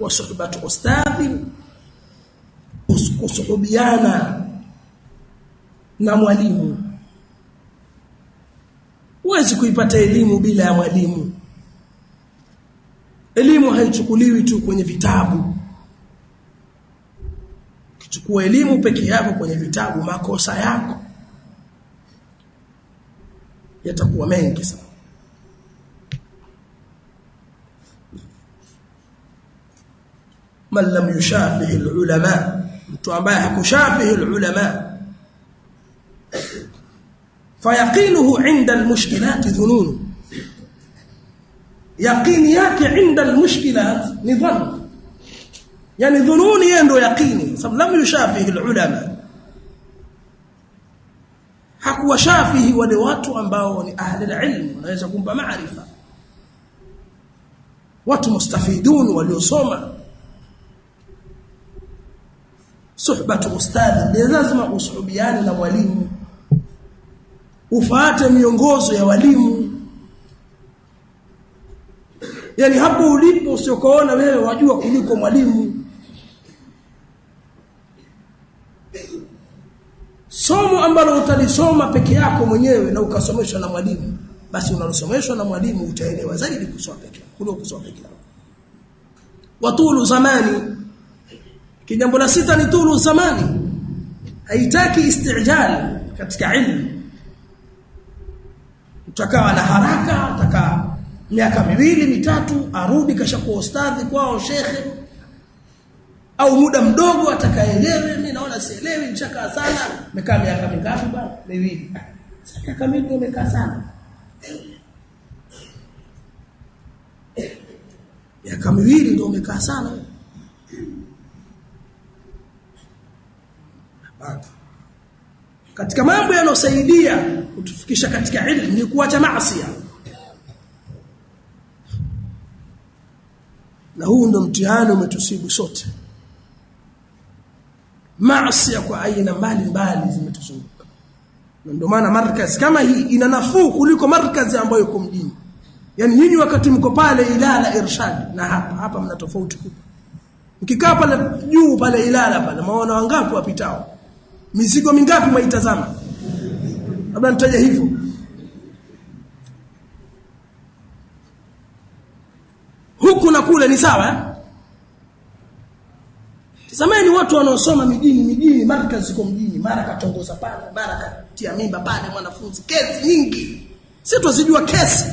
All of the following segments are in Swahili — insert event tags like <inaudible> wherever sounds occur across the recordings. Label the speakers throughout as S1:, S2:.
S1: wa suhbatu ustadhi kusuhubiana na mwalimu huwezi kuipata elimu bila ya mwalimu elimu haichukuliwi tu kwenye vitabu kichukua elimu peke yako kwenye vitabu makosa yako yatakuwa mengi sana man lam yushafihi ulama mtu ambaye hakushafihi ulama fayaqinuhu inda almushkilat dhununu yaqini yake inda almushkilat ni dhann yani dhununi yeye ndo yaqini sababu lam yushafihi ulama hakuwa shafihi wale watu ambao ni ahli alilm wanaweza kumpa maarifa watu mustafidun waliosoma suhbatu ustadhi, ni lazima usuhubiane na mwalimu, ufuate miongozo ya walimu. Yani hapo ulipo usiokoona wewe wajua kuliko mwalimu. Somo ambalo utalisoma peke yako mwenyewe na ukasomeshwa na mwalimu, basi unalosomeshwa na mwalimu utaelewa zaidi kusoma peke yako kuliko kusoma peke yako. Watulu zamani kijambo la sita ni tulu zamani haitaki istijal katika ilmu utakaa na haraka utakaa miaka miwili mitatu arudi kashakuwa ustadhi kwao shekhe au muda mdogo atakaelewe mimi naona sielewi nchaka sana nimekaa miaka mingapi bwana miwili miaka mingi nimekaa sana miaka miwili ndio umekaa sana haki. Katika mambo yanayosaidia kutufikisha katika ilmu ni kuacha maasi. Na huu ndo mtihani umetusibu sote. Maasi kwa aina mbalimbali zimetuzunguka. Na ndio maana markazi kama hii ina nafuu kuliko markazi ambayo iko mjini. Yaani nyinyi wakati mko pale Ilala Irshad na hapa hapa mna tofauti kubwa. Mkikaa pale juu pale Ilala pale maona wangapi wapitao? Mizigo mingapi mwaitazama? Labda nitaje hivyo. Huku na kule ni sawa eh? Tazameni watu wanaosoma mijini, mijini marka ziko mjini, mara katongoza pale, mara katia mimba pale mwanafunzi, kesi nyingi. Sisi twazijua kesi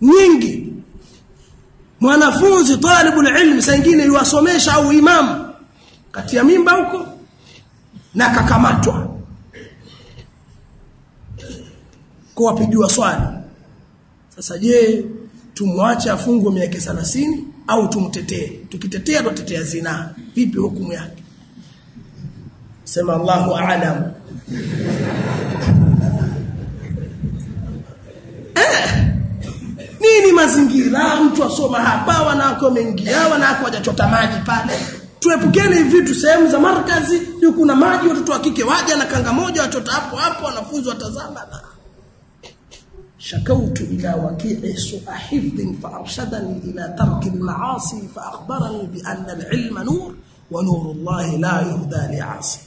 S1: nyingi. Mwanafunzi talibul ilm saa nyingine au imamu katia mimba huko na kakamatwa kuwapigiwa swali. Sasa je, tumwache afungwe miaka thelathini au tumtetee? Tukitetea tutatetea zinaa, vipi hukumu yake? Sema Allahu aalam. <laughs> Eh, nini mazingira, ah, mtu asoma hapa, wanawake wameingia, wanawake wajachota maji pale Tuepukeni hivi vitu sehemu za markazi, juu kuna maji, watoto wa kike waja na kanga moja watoto hapo hapo, wanafunzi watazama. Na shakautu ila wakii sua hifdhin faarshadani ila tarki lmaasi faakhbarani biana alilma nur wa nuru llahi la yuhda liasi.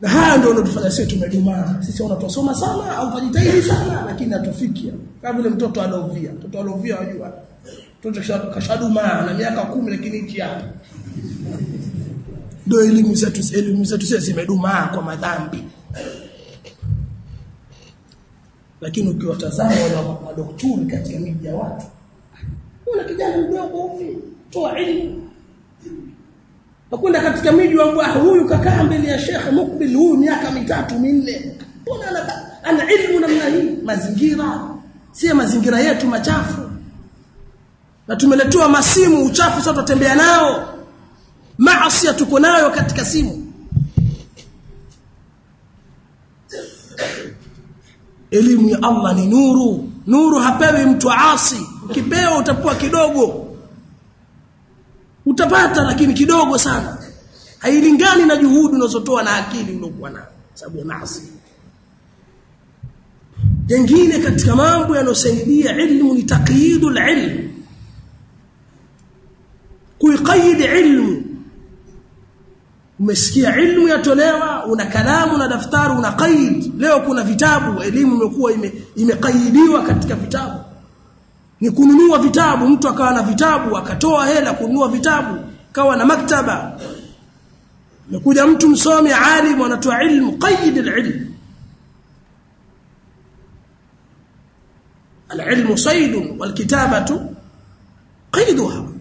S1: Na haya ndio anatufanya sisi tumedumaa. Sisi ona tunasoma sana au tunajitahidi sana, lakini hatufiki, kama vile mtoto alovia. Mtoto alovia wajua mtoto kashaduma na miaka kumi lakini nchi yapo ndio elimu zetu elimu zetu sisi zimedumaa kwa madhambi lakini ukiwatazama wale madokturi katika miji ya watu una kijana mdogo hivi toa elimu Hakuna katika miji wangu huyu kakaa mbele ya Sheikh Mukbil huyu miaka mitatu minne. Mbona ana ana elimu namna hii? Mazingira sio mazingira yetu machafu na tumeletewa masimu uchafu sasa tutatembea nao maasi tuko nayo katika simu elimu ya Allah ni nuru nuru hapewi mtu asi ukipewa utapua kidogo utapata lakini kidogo sana hailingani na juhudi unazotoa na akili uliokuwa nayo sababu ya maasi jengine katika mambo yanayosaidia ilmu ni taqyidul ilm biqaid ilm umesikia ilmu yatolewa una kalamu na daftari una qaid leo kuna vitabu elimu imekuwa imekaidiwa katika vitabu ni kununua vitabu mtu akawa na vitabu akatoa hela kununua vitabu kawa na maktaba Mekuja mtu msomi alim anatoa ilmu qaid alilm alilmu saydun walkitabatu qaiduha